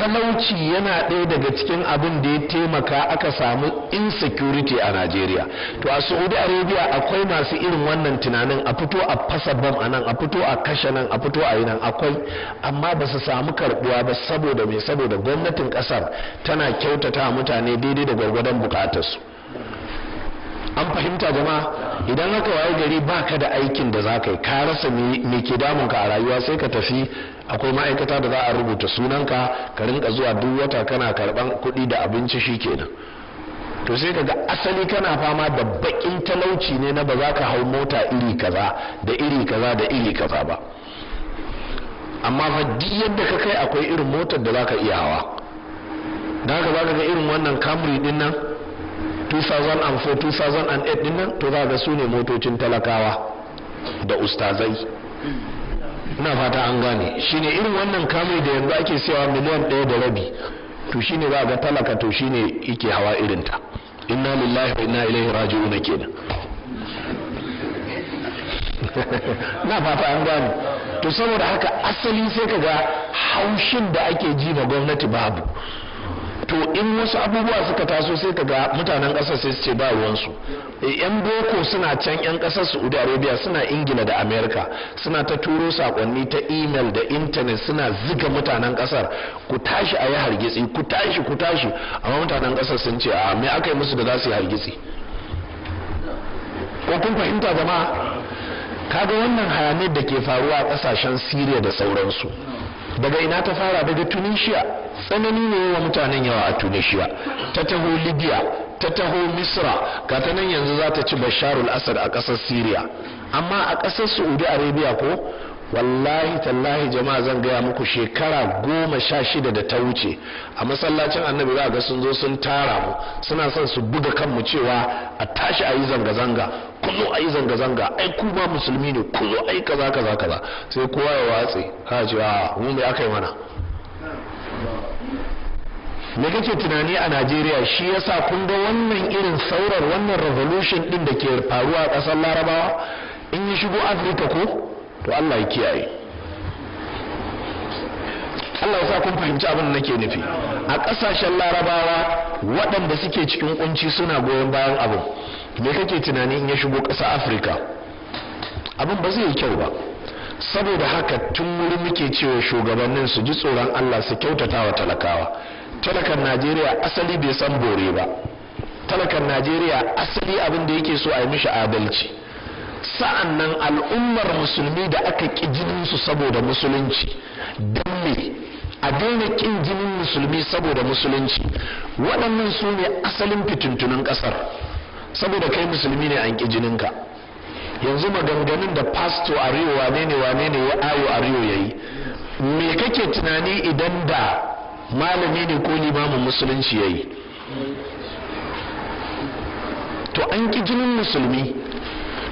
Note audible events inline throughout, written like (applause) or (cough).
talauci yana ɗaya daga cikin abin da ya taimaka aka samu insecurity a Najeriya to a Saudi Arabia akwai masu irin wannan tunanin a fito a fasa bam a nan a fito a kashe nan a fito a yi nan akwai amma ba su samu karbuwa ba saboda me saboda gwamnatin ƙasar tana kyautata mutane daidai da gwargwadon su. an fahimta jama'a idan haka waye gari baka da aikin da za ka yi ka rasa me ke damun ka a rayuwa sai ka tafi akwai ma'aikata da za a rubuta sunanka ka rinka zuwa duk wata kana karban kuɗi da abinci shi kenan to sai kaga asali kana fama da bakin talauci ne na ba za ka hau mota iri kaza da iri kaza da iri kaza ba amma fa duk yadda ka kai akwai irin motar da za ka iya hawa da haka za ka ga irin wannan camry din nan 2004 2008 dinnan nan to za ga su ne motocin talakawa da ustazai ina fata an gane shine irin wannan kamar da yanzu ake siyawa miliyan ɗaya da rabi to shine za ga talaka to shine yake hawa irinta inna lillahi wa inna ilaihi raji'un kenan (laughs) na fata an gane to saboda haka asali sai ka ga haushin da ake ji ma gwamnati babu to in wasu abubuwa suka taso sai ka ga mutanen ƙasar sai su ce ba ruwansu eh, yan boko suna can yan ƙasar saudi arabia suna ingila da america suna ta turo sakonni ta email da intanet suna ziga mutanen ƙasar ku tashi a yi hargitsi ku tashi ku tashi amma mutanen ƙasar sun ce a me aka yi musu da za su yi hargitsi ko kun fahimta jama'a kaga wannan hayanai da ke faruwa a ƙasashen syria da sauransu daga ina ta fara daga tunisia tsanani ne wa mutanen yawa a tunisia ta taho libya ta taho misra gata nan yanzu za ta ci basharul asad a ƙasar syria amma a ƙasar saudi arabia ko wallahi tallahi jama'a zan gaya muku shekara goma sha shida da ta wuce a masallacin annabi za ga sun zo sun tara mu suna son su buga kanmu cewa a tashi a yi zanga-zanga kullu a yi zanga-zanga ai ku ba musulmi ne kullu ai kaza kaza kaza sai kowa ya watse ha ce a mu aka yi mana me kake tunani a Najeriya shi yasa kun ga wannan irin saurar wannan revolution din da ke faruwa a ƙasar Larabawa in yi shigo Afirka ko to Allah ya kiyaye Allah sa kun fahimci abin da nake nufi a ƙasashen larabawa waɗanda suke cikin kunci suna goyon bayan abu me kake tunani in ya shigo ƙasa afirka abin ba zai yi kyau ba saboda haka tun wuri muke cewa shugabannin su ji tsoron allah su kyautata wa talakawa talakan najeriya asali bai san bore ba talakan najeriya asali abin da yake so a yi mishi adalci Sa'annan al'ummar musulmi da aka ƙi jininsu saboda musulunci don me a daina ƙin jinin musulmi saboda musulunci waɗannan su ne asalin fitintunin ƙasar saboda kai musulmi ne an ƙi jininka yanzu maganganun da pasto ariyo wane ne wane ne ya ayo ariyo ya yi me kake tunani idan da malami ne ko limamin musulunci ya yi to an ƙi jinin musulmi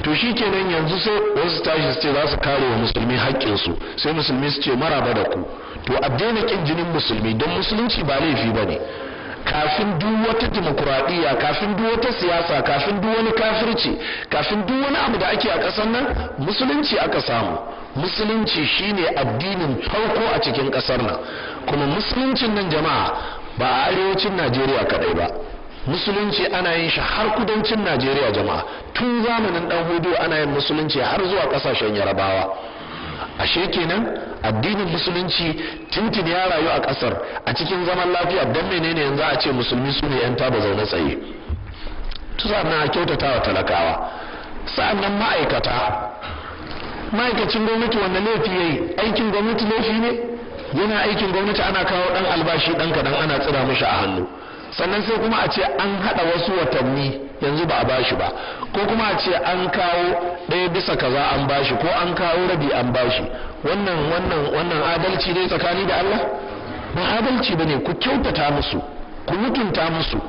to shi kenan yanzu sai wasu tashi su ce za su kare wa musulmi haƙƙinsu sai musulmi su ce maraba da ku to a daina jinin musulmi don musulunci ba laifi ba ne kafin duk wata dimokuraɗiyya kafin duk wata siyasa kafin duk wani kafirci kafin duk wani abu da ake a ƙasar nan musulunci aka samu musulunci shine addinin farko a cikin ƙasar nan kuma musuluncin nan jama'a ba a arewacin najeriya kaɗai ba musulunci ana yin shi har kudancin najeriya jama'a tun zamanin dan hudu ana yin musulunci har zuwa kasashen yarabawa ashe kenan addinin musulunci tintin ya rayu a kasar a cikin zaman lafiya don menene yanzu a ce musulmi su ne yan taba zaune tsaye tusa na wa talakawa sa'annan ma'aikata ma'aikacin gwamnati wanda laifi ya yi, aikin gwamnati laifi ne yana aikin gwamnati ana kawo dan albashi dan kadan ana tsira mishi a hannu sannan sai kuma a ce an hada wasu watanni yanzu ba a bashi ba ko kuma a ce an kawo ɗaya bisa kaza an bashi ko an kawo rabi an bashi wannan wannan wannan adalci ne tsakani da Allah ba adalci bane ku kyautata musu ku mutunta musu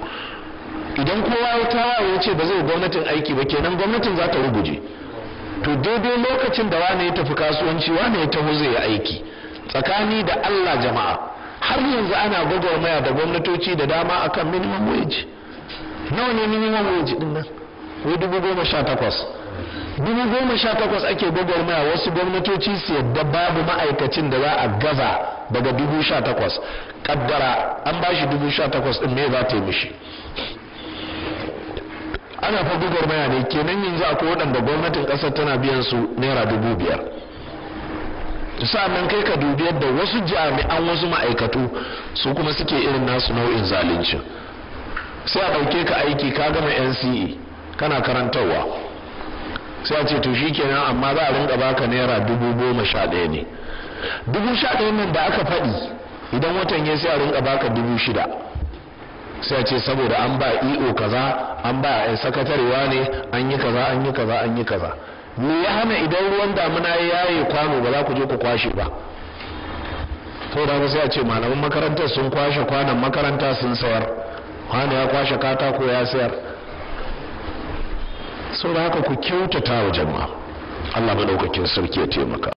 idan kowa ya tawaye ya ce ba zai gwamnatin aiki ba kenan gwamnatin za ta ruguje to daidai lokacin da wane ya tafi kasuwanci wane ya taho zai yi aiki tsakani da Allah jama'a har yanzu ana gwagwarmaya da gwamnatoci da dama akan minimum wage nawa ne minimum wage din nan wai dubu goma sha takwas dubu goma sha takwas ake gwagwarmaya wasu gwamnatoci su yadda babu ma'aikacin da za a gaza daga dubu sha takwas kaddara an ba shi dubu sha takwas din me za ta yi mishi ana fa gwagwarmaya ne kenan yanzu akwai waɗanda gwamnatin ƙasar tana biyan su naira dubu biyar nan kai ka dubi yadda wasu jami'an wasu ma'aikatu su kuma suke irin nasu nau'in zalunci sai a ɗauke ka aiki ka gama nce kana karantarwa sai a ce to shi kenan amma za a rinka baka naira dubu goma sha ɗaya ne dubu sha ɗaya nan da aka faɗi idan watan ya sai a rinka baka dubu shida sai a ce saboda an ba iyo e kaza an ba sakatarewa ne an yi kaza an yi kaza an yi kaza me ya hana idan ruwan damuna ya yaye kwano ba za ku je ku kwashe ba to da sai a ce malaman makarantar sun kwashe kwanan makaranta sun sayar kwano ya kwashe katako ya sayar sau da haka ku kyautata wa jama'a Allah madaukakin sarki ya taimaka